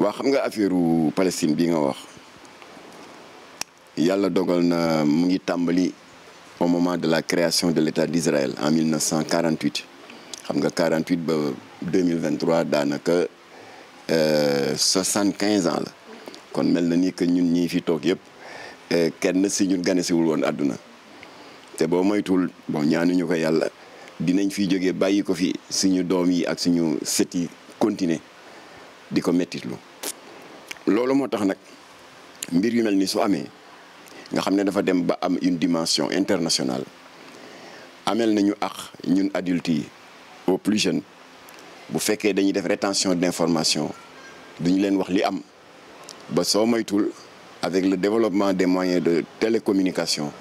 waa xam nga affaire Palestine bi nga wax yàlla dogal na mu ngi tàmbali au moment de la création de l'État d'Israël en 1948 xam nga 48 ba 2023 daanaka 75 euh, ans la kon mel na ni que ñun ñi fi toog yëpp euh, kenn si ñun wul woon àdduna te boo moytuwul bon ñaanuñu ko yàlla dinañ fi jógee bàyyi ko fi suñu doom yi ak suñu sët yi continuer di ko mettitlu loolu moo tax nag mbir yu mel ni su amee nga xam ne dafa dem ba am une dimension internationale amel nañu ax ñun adultes yi au plus jeune bu fekkee dañuy def rétention d'information duñu leen wax li am ba soo moytul avec le développement des moyens de télécommunication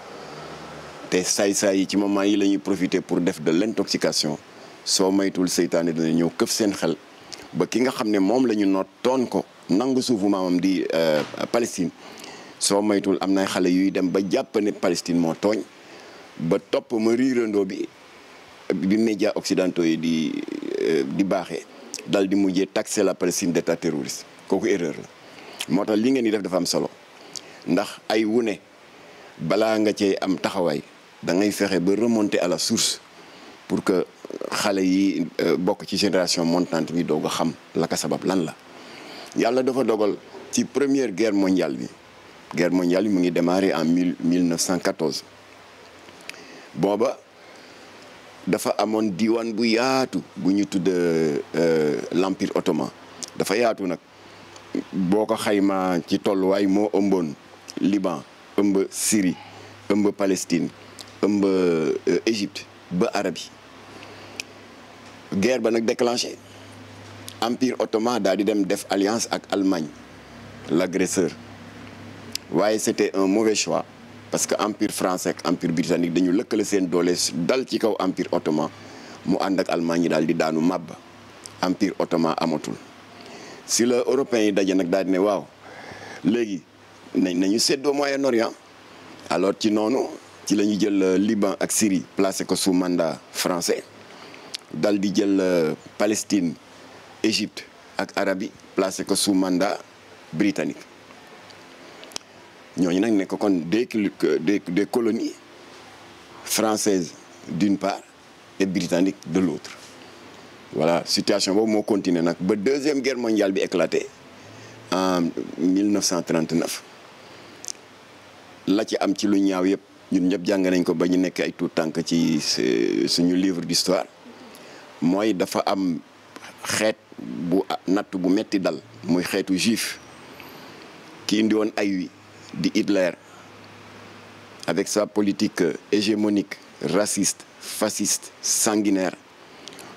te saay-saay yi ci moment yi la ñuy profiter pour def de l'intoxication soo moytul seytaane dana ñëw këf seen xel ba ki nga xam ne moom la ñu noot toon ko nangu suufu maamam di euh, Palestine soo maytul am nay xale yuy dem ba jàpp ne Palestine moo tooñ ba topp ma riirandoo bi bi médias occidentaux yi di euh, di baaxee dal di mujjee taxer la Palestine d'état terroriste kooku erreur la moo tax li ngeen di def dafa am solo ndax ay wune balaa nga cee am taxawaay da ngay fexe ba remonter à la source pour que xale yi euh, bokk ci génération montante bi doog a xam la ka sabab lan la yàlla dafa dogal ci première guerre mondiale bi guerre mondiale bi mu ngi démarré en mille mille neuf cent quatorze booba dafa amoon diwaan bu yaatu bu ñu tudd euh, euh, l'empire ottoman dafa yaatu nag boo ko xaymaa ci tolluwaay moo ëmboon Liban ëmb Syrie ëmb Palestine ëmb euh, Égypte ba Arabie guerre ba nag déclenché empire ottoman daal di dem def alliance ak Allemagne l'agresseur waaye c'était un mauvais choix parce que empire français ak empire britannique dañu lëkkale seen doole dal ci kaw empire ottoman mu ànd ak Allemagne yi daal di daanu màbb empire ottoman amatul si la européens yi daje nag daal di ne waaw léegi nañ nañu séddoo Moyen-Orient alors ci noonu ci la ñu jël euh, Liban ak Syrie placé ko sous mandat français dal di jël euh, Palestine Égypte ak Arabie placé ko su mandat britannique ñooñu nag nekk kon des des colonies françaises d'une part et britanique de l'autre voilà situation boobu moo continué nag ba deuxième guerre mondiale bi éclaté en 1939 la ci am ci lu ñaaw yëpp ñun ñëpp jàng nañ ko ba ñu nekk ay tuut tànk ci suñu livre d'histoire mooy dafa am xeet bu natt bu metti dal muy xeetu juif ki indi woon ay wi di Hitler avec sa politique hégémonique raciste fasciste sanguinaire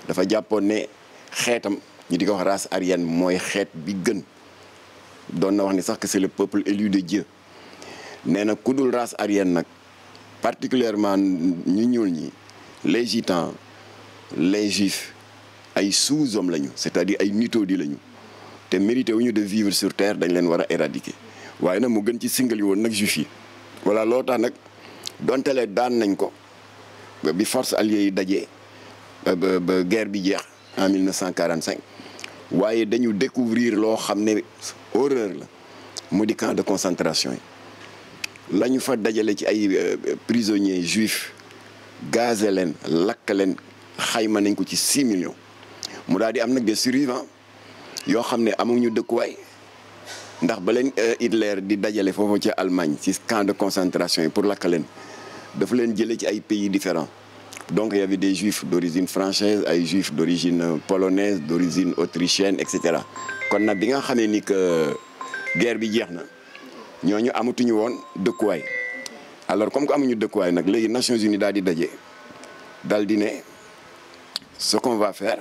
dafa jàppoon ne xeetam ñu di ko wax race aryenne mooy xeet bi gën doon na wax ni sax que c'est le peuple élu de Dieu nee na ku dul race aryenne nag particulièrement ñu ñuul ñi les gitans les juifs ay sous-hommes lañu c'est-à-dire ay nito di lañu te mérité wuñu de vivre sur terre dañ leen war a éradiquer waaye nag mu gën ci singali woon nag juif yi voilà loo tax nag dontelee daan nañ ko bi force alliée yi dajee ba guerre bi jeex en 1945 waaye dañu découvrir loo xam ne horreur la mu di camp de concentration yi la ñu fa dajale ci ay euh, prisonniers juifs gazé leen lakk leen xayma nañ ko ci 6 millions mu daal di am nag des survivants yoo xam ne amuñu dëkkuwaay ndax ba leen euh, Hitler di dajale foofu ci Allemagne ci camp de concentration yi pour lakk leen dafa leen jëlee ci ay pays différent donc il y avait des juifs d'origine française ay juifs d'origine euh, polonaise d'origine autrichienne et cetera kon nag bi nga xamee ni que euh, guerre bi jeex na ñooñu amatuñu woon dëkkuwaay alors comme que amuñu dëkkuwaay nag léegi Nations Unies daal di daje daal di ne ce qu'on va faire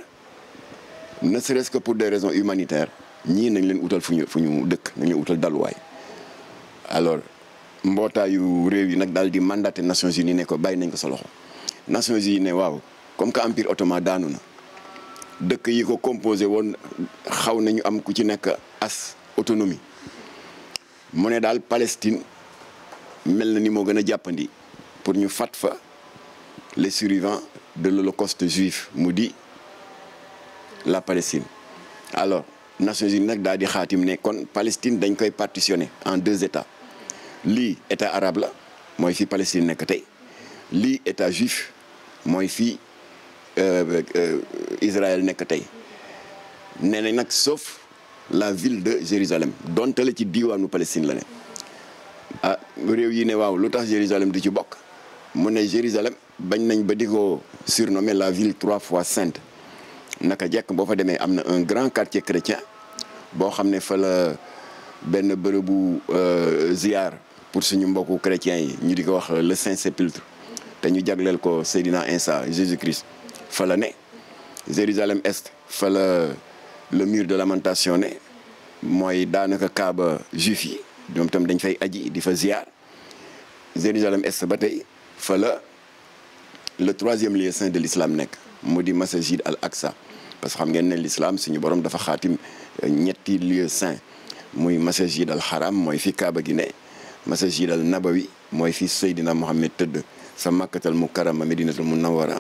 ne serait-ce que pour des raisons humanitaires ñii nañ leen utal fu ñu fu ñu dëkk nañ leen utal daluwaay alors mbootaayu réew yi nag daal di mandaté Nations Unies ne ko bàyyi nañ ko sa loxo Nations Unies ne waaw comme que empire ottoman daanu na dëkk yi ko composé woon xaw nañu am ku ci nekk as autonomie mu ne daal Palestine mel na ni moo gën a jàppandi pour ñu fat fa les survivants de coste juif mu di la Palestine alors Nations Unies nag daal di xaatim ne kon Palestine dañ koy partitionner en deux états lii état arabe la mooy fii Palestine nekk tey lii état juif mooy fii euh, euh, Israël nekk tey nee nañ nag sauf la ville de Jérusalem donte la ci diiwaanu Palestine la ne ah réew yi ne waaw lu tax Jérusalem di ci bokk mu ne Jérusalem bañ nañ ba di ko surnommer la ville trois fois sainte naka jekk boo fa demee am na un grand quartier chrétien boo xam ne fa la benn bërëbu euh, ziar pour suñu mbokku chrétiens yi ñu di ko wax le saint sépulcre te ñu jagleel ko Seydina Insa Jésus Christ fa la ne Jérusalem Est fa le mur de lamentation ne mooy daanaka kaaba juif yi ñoom dañ fay aji di fa ziar Jérusalem Est ba tey fa la le troisième lieu saint de l'islam nekk mu di masajid al aqsa parce que xam ngeen ne l'islam suñu borom dafa xaatim euh, ñetti lieu saint muy masajid al haram mooy fi kaaba gi ne masajid al nabawi mooy fi Seydina Mohamed tëdd sa makkatal mukarrama medinatul munawwara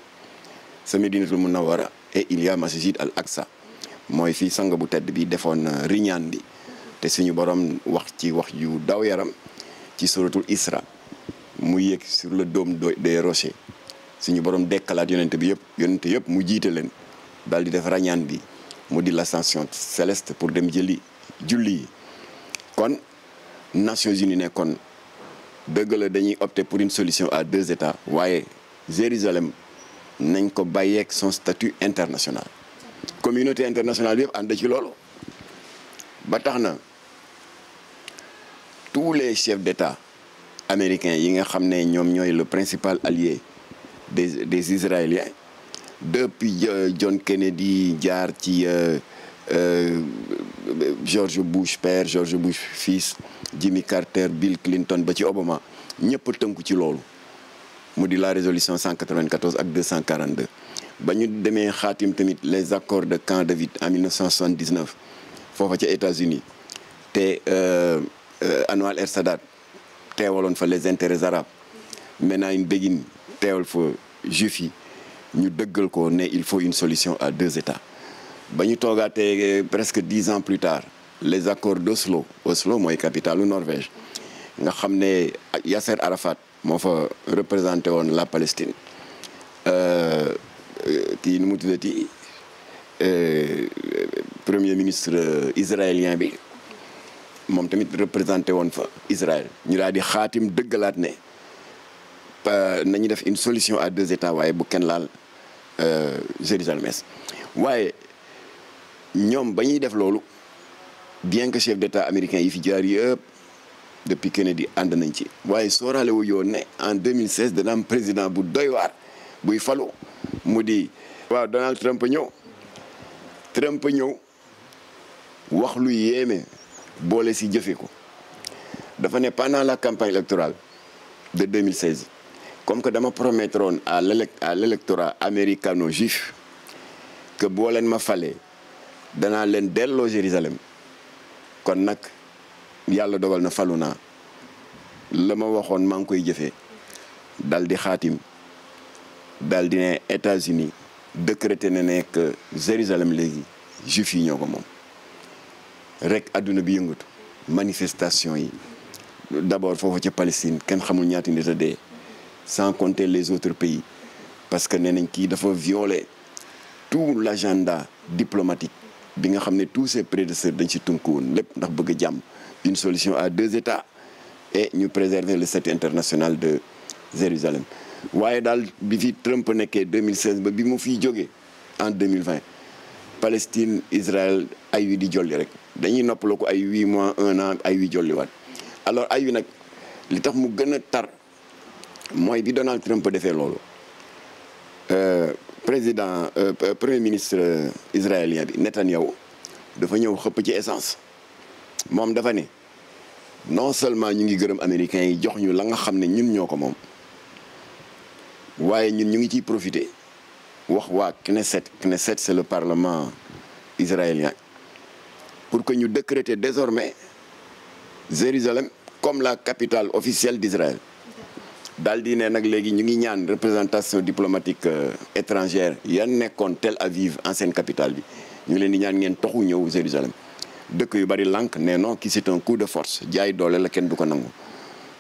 sa medinatul munawwara et il y a masajid al aqsa mooy fii sang bu tedd bi defoon euh, riñaan bi te suñu borom wax ci wax yu daw yaram ci suratul isra mu yëg sur le dôme des rochers suñu borom dekkalaat yonente bi yëpp yonente yëpp mu jiite leen daal di def rañaan bi mu di la l'ascension céleste pour dem jëli julli yi kon Nations Unies ne kon dëgg la dañuy opte pour une solution à deux États waaye Jérusalem nañ ko bàyyeek son statut international communauté internationale bi yëpp ànd ci loolu ba tax na tous les chefs d'État américains yi nga xam ne ñoom ñooy le principal allier des des Israéliens depuis euh, John Kennedy jaar ci euh, euh, George Bush père George Bush fils Jimmy Carter Bill Clinton ba ci Obama ñëpp tënku ci loolu mu di la résolution 194 ak 242 ba ñu demee xaatim tamit les accords de Camp David en 1979 foofa ca États-Unis te Anwar El Sadat teewaloon fa les intéres arabes Menahem Begin teewal fa juif yi ñu dëggal ko ne il faut une solution à deux États ba ñu toogaatee euh, presque dix ans plus tard les accords d'Oslo Oslo mooy capitalu Norvège nga xam ne Yasser Arafat moo fa représenté woon la Palestine euh, euh, kii nu mu tuddati premier ministre israélien bi moom tamit représenté woon fa Israël ñu daal di xaatim dëggalaat ne nañu def une solution à deux États waaye bu kenn laal Euh, Jérusalem est waaye ñoom ba ñuy def loolu bien que chef d'état américain yi fi jaar yëpp depuis Kennedy ànd nañ ci waaye sooraale wu yoon ne en 2016 dana am président bu doy waar buy falu mu di waaw Donald Trump ñëw Trump ñëw wax lu yéeme boole si jëfe ko dafa ne pendant la campagne électorale de 2016 comme que dama promettre woon à à l'électorat américano juif que boo leen ma falee danaa leen delloo Jérusalem kon nag yàlla dogal na falu naa la ma waxoon maa ngi koy jëfee dal di xaatim dal di ne États-Unis décrété na nekk Jérusalem léegi juif yi ñoo ko moom rek adduna bi yëngatu manifestation yi d'abord foofu ca Palestine kenn xamul ñaati nit a dee sans compter les autres pays parce que nee nañ kii dafa viole tout genda diplomatique bi nga xam ne tous ses prédécesseurs dañ ci tënk woon lépp ndax bëgg jàmm une solution à deux états et ñu préserver le statut international de Jérusalem waaye daal bi fi Trump nekkee 2016 ba bi mu fiy jógee en 2020 Palestine Israël ay wi di jolli rek dañuy noppaloo ko ay huit mois un an ay wi jolliwaat alors ay wi nag li tax mu gën a tar mooy bi Donald Trump defee loolu euh, président euh, premier ministre israélien bi Netanyahu dafa ñëw xëpp ci essence moom dafa ne non seulement ñu ngi gërëm américain yi jox ñu la nga xam ne ñun ñoo ko moom waaye ñun ñu ngi ciy profité wax waa Knesset Knesset c'est le parlement israélien pour que ñu décréter désormais Jérusalem comme la capitale officielle d'Israël daal di ne nag léegi ñu ngi ñaan représentation diplomatique euh, étrangère yan nekkoon Tel Aviv ancienne capital bi ñu ngi leen di ñaan ngeen toxu ñëw Jérusalem dëkk yu bari lànk ne no ki c'est un coup de force jaay doole la kenn du ko nangu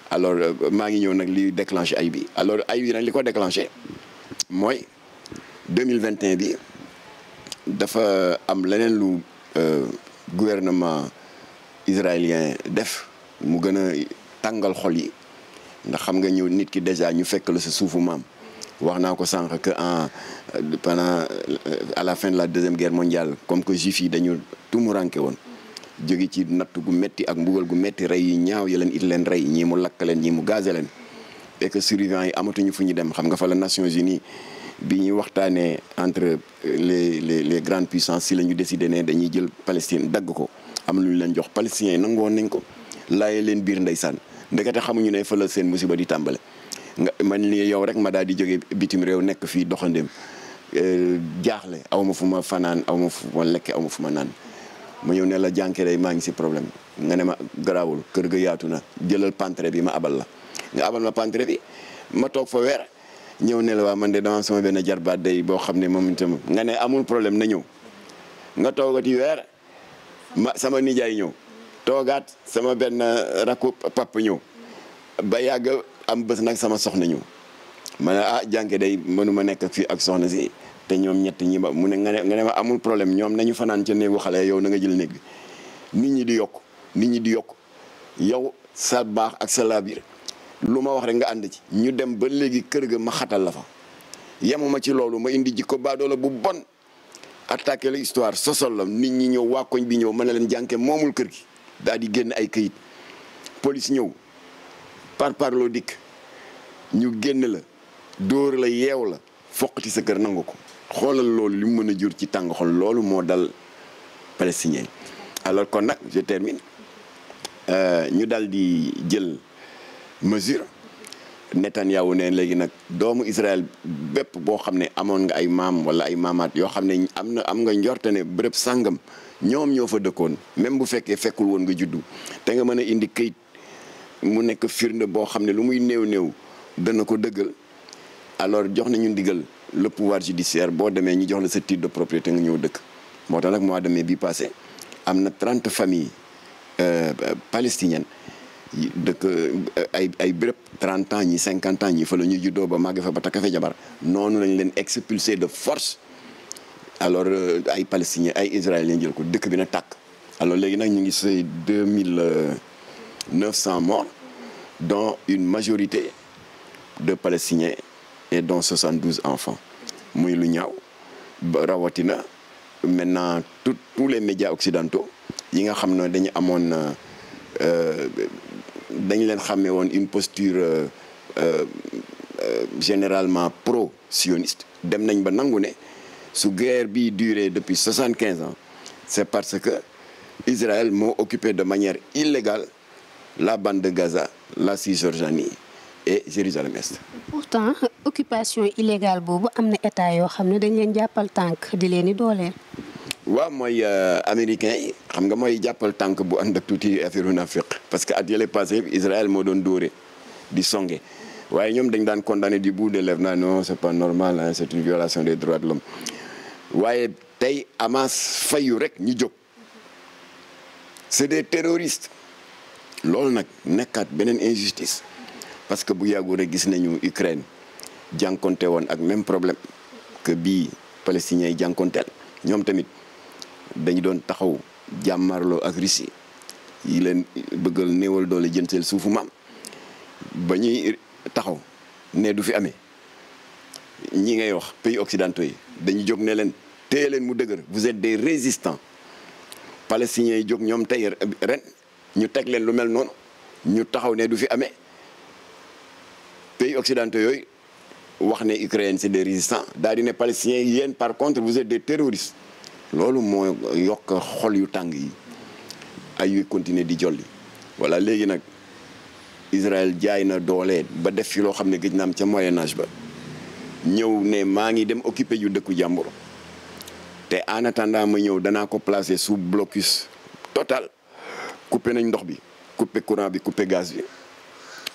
alors euh, maa ngi ñëw nag li déclenché ay bi alors ay bi nag li ko déclenché mooy 2021 bi dafa am leneen lu euh, gouvernement israélien def mu gën a tàngal xol yi ndax xam nga ñëw nit ki déjà ñu fekk la sa suufu maam wax naa ko sànq que en pendant euh, à la fin de la deuxième guerre mondiale comme que juif yi dañu tumuranke woon jóge ci natt gu metti ak mbugal gu metti rey yi ñaaw yi leen it leen rey ñii mu lakk leen ñii mu gazé leen et que survivants yi amatuñu fu ñu dem xam nga fa la Nations Unies bi ñuy waxtaanee entre les les les grandes puissances si la ñu décidé ne dañuy jël Palestine dagg ko am lu ñu leen jox palestiniens yi nangoon nañ ko laaye leen biir ndeysaan ndekete xamuñu ne fa la seen musiba di tàmbale nga man li yow rek ma daal di jóge bitim réew nekk fii doxandéem euh, jaaxle aw ma fu ma fanaan aw ma fu ma lekke aw ma fu ma naan ma ñëw ne la jànkere maa ngi si problème nga ne ma garaawul kër ga yaatu na jëlal pantre bi ma abal la nga abal ma pantre bi ma toog fa ñëw ne la waa man de dama sama benn jarbaat day boo xam ne moom tam nga ne amul problème na ñëw nga toog toogati weer ma sama nijaay ñëw toogaat sama benn rakku pap ñëw ba yàgg am bës nag sama soxna ñëw ma ne ah jànke day mënuma nekk fii ak soxna si te ñoom ñett ñi ba mu ne nga ne ma amul problème ñoom nañu fanaan ca néegu xale yow na nga jël néeg nit ñi di yokk nit ñi di yokk yow sa baax ak sa laabir lu ma wax rek nga ànd ci ñu dem ba léegi kër ga ma xatal la fa yemuma ci loolu ma indi jikko baadoo la bu bon attaqué la histoire sosol la nit ñi ñëw waa koñ bi ñëw ma ne leen jànke moomul kër gi daal di génn ay këyit police ñëw par parloo dikk ñu génn la dóor la yeew la foqati sa kër nangu ko xoolal loolu li mën a jur ci tàng xol loolu moo dal palestinien alors kon nag je termine euh, ñu dal di jël mesure Netanyahu ne léegi nag doomu Israël bépp boo xam ne amoon nga ay maam wala ay maamaat yoo xam ne am na am nga njorte ne bërëb sàngam ñoom ñoo fa dëkkoon même bu fekkee fekkul woon nga juddu te nga mën a indi kayit mu nekk firnde boo xam ne lu muy néew néew dana ko dëggal alors jox na ñu ndigal le pouvoir judiciaire boo demee ñu jox la sa titre de propriété nga ñëw dëkk moo tax nag mois de mai bi passé am na trente familles euh, palestiniennes dëkk euh, ay ay béréb trente ans ñi cinquante ans ñi fa la ñuy juddoo ba màgg fa ba takk fa jabar noonu lañu leen expulsé de force alors euh, ay palestiniens ay israéliens jël ko dëkk bi na tàkk alors léegi nag ñu ngi say deux mille euh, neuf cent morts dont une majorité de palestiniens et dont soixante-douze enfants muy lu ñaaw rawatina maintenant tout tous les médias occidentaux yi nga xam ne dañu amoon euh, dañ leen xàmmee woon une posture euh, euh, généralement pro-sioniste dem nañ ba nangu ne su guerre bi duré depuis soixante-quinze ans c'est parce que Israël moo occuper de manière illégale la bande de Gaza la Cisjordanie et Jérusalem-Est. pourtant occupation illégale boobu am na état yoo xam ne dañ leen jàppal tànk di leen di dooleel. waa mooy euh, américain yi xam nga mooy jàppal tànk bu ànd ak tuuti affaire nafiq parce que at yële passé Israël moo doon dóore di songe waaye ñoom dañ daan condamné du bout leer lèvres non c'est pas normal hein, c'est une violation des droits de waaye tey Hamas fayu rek ñu jóg c'est des terroristes loolu nag nekkaat beneen injustice parce que bu yàggu rek gis nañu Ukraine jànkonte woon ak même problème que bii palestiniens yi jànkonteel ñoom tamit dañu doon taxaw jàmmarloo ak Russie yi leen bëggal néewal doole jënteel suufu maam ba ñuy taxaw ne du fi amee ñi ngay wax pays occidentaux yi dañu jóg ne leen téye leen mu dëgër vous êtes des résistants palestiniens yi jóg ñoom tey ren ñu teg leen lu mel noonu ñu taxaw ne du fi amee pays occidentaux yooyu wax ne Ukraine c'est des résistants daal di ne palestiniens yi yéen par contre vous êtes des terroristes loolu moo yokk xol yu tàng yi ay yuy continuer di jolli wala léegi nag Israël jaay na doole ba def fi loo xam ne gëj na am ca Moyen Âge ba ñëw ne maa ngi dem occupé yu dëkku jàmbur te en attendant ma ñëw danaa ko placer sous blocus total coupé nañ ndox bi coupé courant bi coupé gaz bi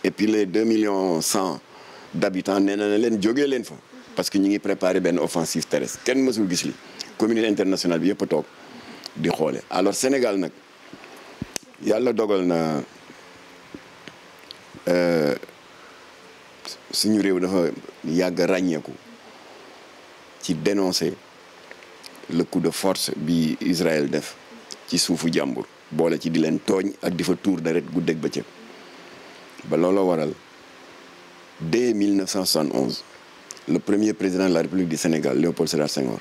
et puis les deux millions cent d'habitants nee na leen jógee leen fa parce que ñu ngi préparé benn offensive terrestre kenn mësul gis li communauté internationale bi yëpp a toog di xoole alors Sénégal nag yàlla dogal na euh, suñu réew dafa yàgg ràññeeku ci dénoncer le coup de force bi israel def ci suufu jàmbur boole ci di leen tooñ ak di fa tuur deret guddeeg bëccëg ba looloo waral dès 1971 le premier président de la République du Sénégal Léopold Sédar Senghor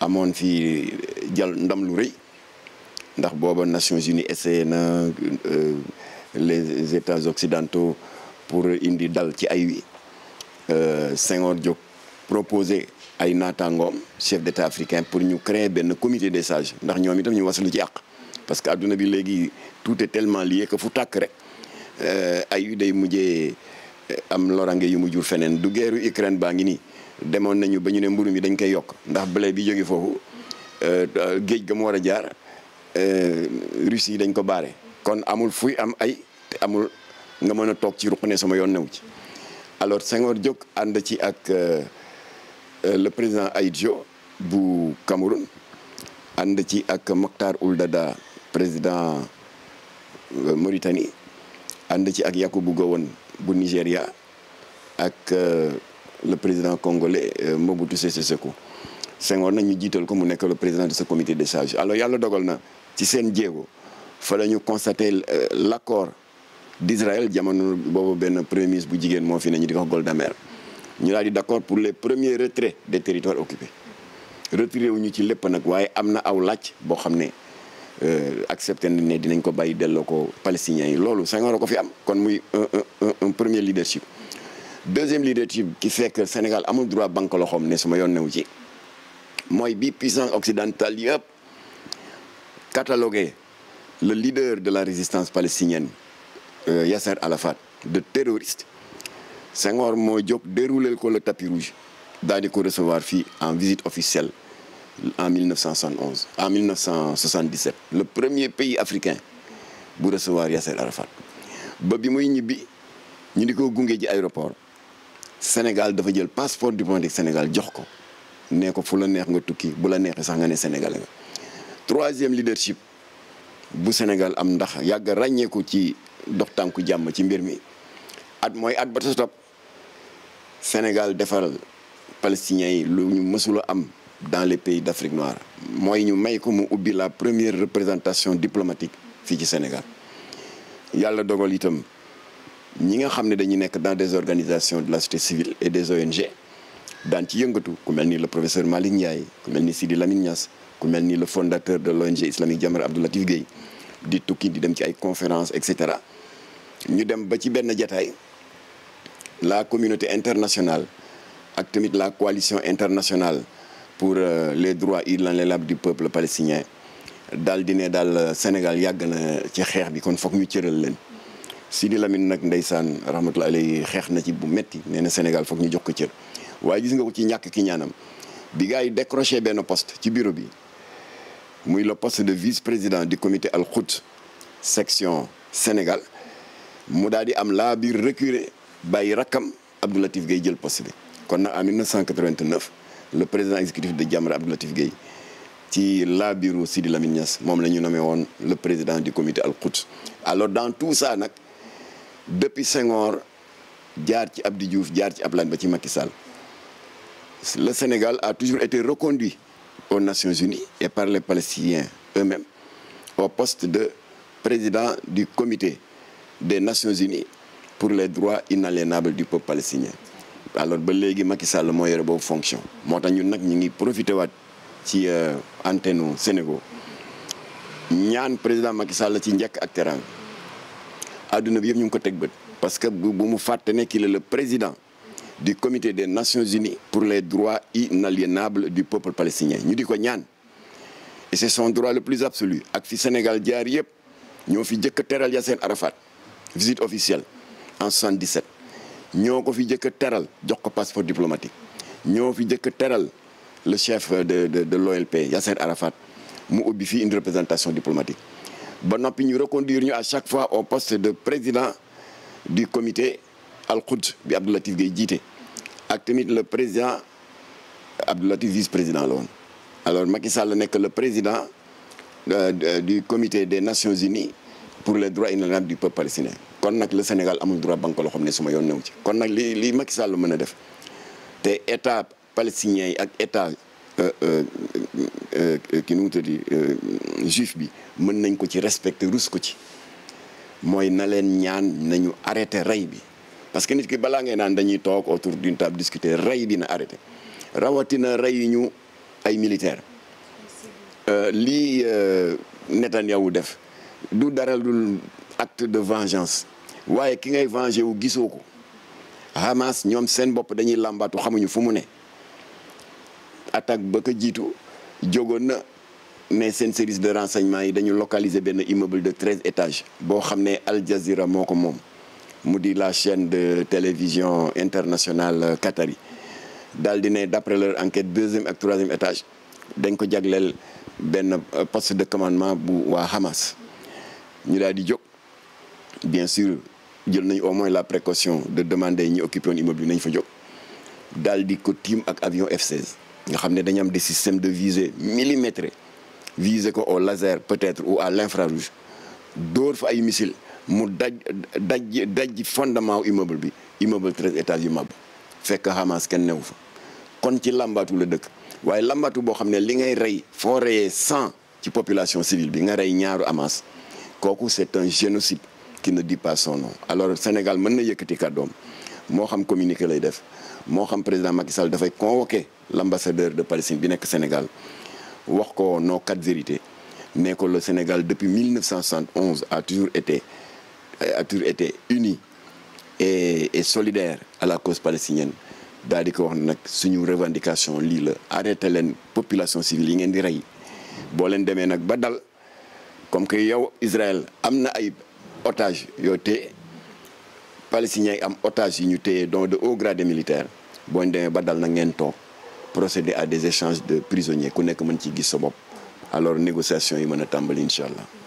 amoon fii euh, jàll ndam lu rëy ndax booba Nations Unies essayé na euh, les États occidentaux pour indi dal ci ay wi euh, Senghor jóg proposé ay naataangoom chef d'état africain pour ñu créer benn comité des sages ndax ñoom itam ñu wasalu ci àq parce que adduna bi léegi tout est tellement lié fu tàkk rek euh, ay wi day mujjee euh, am lorange yu mu jur feneen du guerru Ukraine baa ngi nii demoon nañu ba ñu ne mburu mi dañ koy yokk ndax blé bi jóge foofu géej ga mu war a jaar Russie yi dañ ko baare kon amul fuy am ay amul nga mën a toog ci ruq ne sama yoon new ci alors Senghor jóg ànd ci ak euh, euh, le président Ahidjo Diop bu Cameroun ànd ci ak Mokhtar Ould Daddah président euh, Mauritanie ànd ci ak Yakubu Gowon bu Nigéria ak le président congolais Mobutu Sese Seko Senghor nag ñu jiital ko mu nekk le président de ce comité des sages yàlla dogal na ci seen jéego fa la ñu constater l'accord d'Israël jamono boobu benn premier ministre bu jigéen moo fi nañu ñu di ko Golda Meir ñu daal di d'accord pour les premiers retraits des territoires occupés retiré wu ñu ci lépp nag waaye am na aw laaj boo xam ne euh, accepté nañ ne dinañ ko bàyyi delloo ko palestiniens yi loolu Senghor a ko fi am kon muy un un premier leadership. deuxième leadership qui fait que Sénégal amul droit banque loxoom ne sama yoon newu ci mooy bi puissance occidentale yëpp catalogué le leader de la résistance palestinienne. Euh, Yasser Arafat de terroriste Senghor moo jóg déroulé ko le tapis rouge daal di ko recevoir fii en visite officielle en 1971 en 1977 le premier pays africain bu recevoir Yasser Arafat ba bi muy ñibbi ñu ni ko gunge ji aéroport Sénégal dafa jël passeport diplomatique Sénégal jox ko ne ko fu la neex nga tukki bu la neexee sax nga ne Sénégalais nga troisième leadership bu Sénégal am ndax yàgg ràññeeku ci dox tànku jàmm ci mbir mi at mooy at ba sa Sénégal defaral palestiniens yi lu ñu mësula am dans les pays d'Afrique noire mooy ñu may ko mu ubbi la première représentation diplomatique fii ci Sénégal yàlla dogal itam ñi nga xam ne dañu nekk dans des organisations de la société civile et des ONG daan ci yëngatu ku mel ni le professeur Malick Ndiaye ku mel ni Sidi Lamine Niass ku mel ni le fondateur de l'ONG islamique Jamar Abdou Latif Gueye di tukki di dem ci ay conférences et cetera ñu dem ba ci benn jataay la communauté internationale ak tamit la coalition internationale pour euh, les droits inaliénables du peuple palestinien dal di ne daal euh, Sénégal yàgg na ci xeex bi kon foog ñu cëral leen si Sidi Lamine nag ndeysaan rahmatullahi alayhi xeex na ci bu metti nee na Sénégal foog ñu jox ko cër waaye gis nga ko ci ñàkk ki ñaanam bi gaa yi décroché benn post ci bureau bi muy le poste de vice-président du comité Al Quds section Sénégal mu daal di am laa biir reculer bàyyi rakkam Abdou Latif Gueye jël poste bi kon nag en 1989 le président exécutif de Jamra Abdou Latif Gueye ci laa biiru Sidi Lamine Niass moom la ñu nommé woon le président du comité Al Quds alors dans tout ça nag depuis Senghor jaar ci Abdou Diouf jaar ci Abdoulaye ba ci Macky Sall le Sénégal a toujours été reconduit aux Nations Unies et par les Palestiniens eux-mêmes au poste de président du comité des Nations Unies pour les droits inaliénables du peuple palestinien alors ba léegi Macky Sall moo yore boobu fonction moo tax ñun nag ñu ngi profité waat ci euh, antenne Sénégal ñaan président Macky Sall ci njëkk ak teranga adduna bi yëpp ñu ngi ko teg bët parce que bu mu fàtte ne qu'il est le président du comité des Nations Unies pour les droits inaliénables du peuple palestinien ñu di ko ñaan et c'est son droit le plus absolu ak fi Sénégal jaar yëpp ñoo fi jëkk teral Yasser Arafat visite officielle en 77 ñoo ko fi jëkk teral jox ko passeport diplomatique ñoo fi jëkk a teral le chef de de de l'OLP Yasser Arafat mu ubbi fii une représentation diplomatique ba noppi ñu reconduire ñu à chaque fois au poste de président du comité Al Quds bi Abdou Latif Gueye jiite ak tamit le président Abdou Latif vice président la woon alors Macky la nekk le président euh, du comité des Nations Unies pour les droits inaliénables du peuple palestinien kon nag le Sénégal amul droit banque loo xam ne suma yoon new ci kon nag li li Macky Sall mën a def te état palestinien yi ak état euh, euh, euh, ki nu mu tudd juif bi mën nañ ko ci respecter rus ko ci mooy na leen ñaan nañu arrêté rey bi parce que nit ki balaa ngay naan dañuy toog autour d'une table discuter rey bi na arrêté rawatina rey yi ñu ay militaire lii Netanyahu def du dara lu acte de vengeance waaye ki ngay venger wu gisoo ko Hamas ñoom seen bopp dañuy làmbaatu xamuñu fu mu ne attaque ba ko jiitu jógoon na mais seen service de renseignement yi dañu localiser benn immeuble de treize étages boo xam ne Al Jazeera moo ko moom mu di la chaine de télévision international euh, qatari daal di ne d'après leur enquête deuxième ak troisième étage dañ ko jagleel benn euh, poste de commandement bu waa Hamas ñu daal di jóg bien sur jël nañ au moins la précaution de demander ñi occupé woon immeuble bi nañ fa jóg daal di ko tiim ak avion f nga xam ne dañu am des systèmes de visée millimétrés visé ko au laser peut-être ou à l'infrarouge door fa ay missile mu daj daj daj fondement wu immeuble bi immeuble treize étages yu mab fekk Hamas kenn newu fa kon ci lambaatu la dëkk waaye làmbaatu boo xam ne li ngay rey foo reyee cent ci population civile bi nga rey ñaaru Hamas kooku c'est un génocide qui ne dit pas son nom alors Sénégal mën na yëkkati kàddoom moo xam communiqué lay def moo xam président Macky Sall dafay convoquer l'ambassadeur de Palestine bi nekk Sénégal wax ko nos quatre vérités ne ko le Sénégal depuis 1971 a toujours été a toujours été uni et et solidaire à la cause palestinienne daal di ko wax nag suñu revendication lii la arrêté leen population civile yi ngeen di rey boo leen demee nag ba dal. comme que yow Israël am na ay otage yoo téye palestiniens yi am otage yi ñu téye donc de haut grade militaire boo ñu demee ba dal na ngeentoo toog procéder à des échanges de prisonniers ku nekk mën ci gis sa bopp alors négociation yi mën a tàmbali incha allah.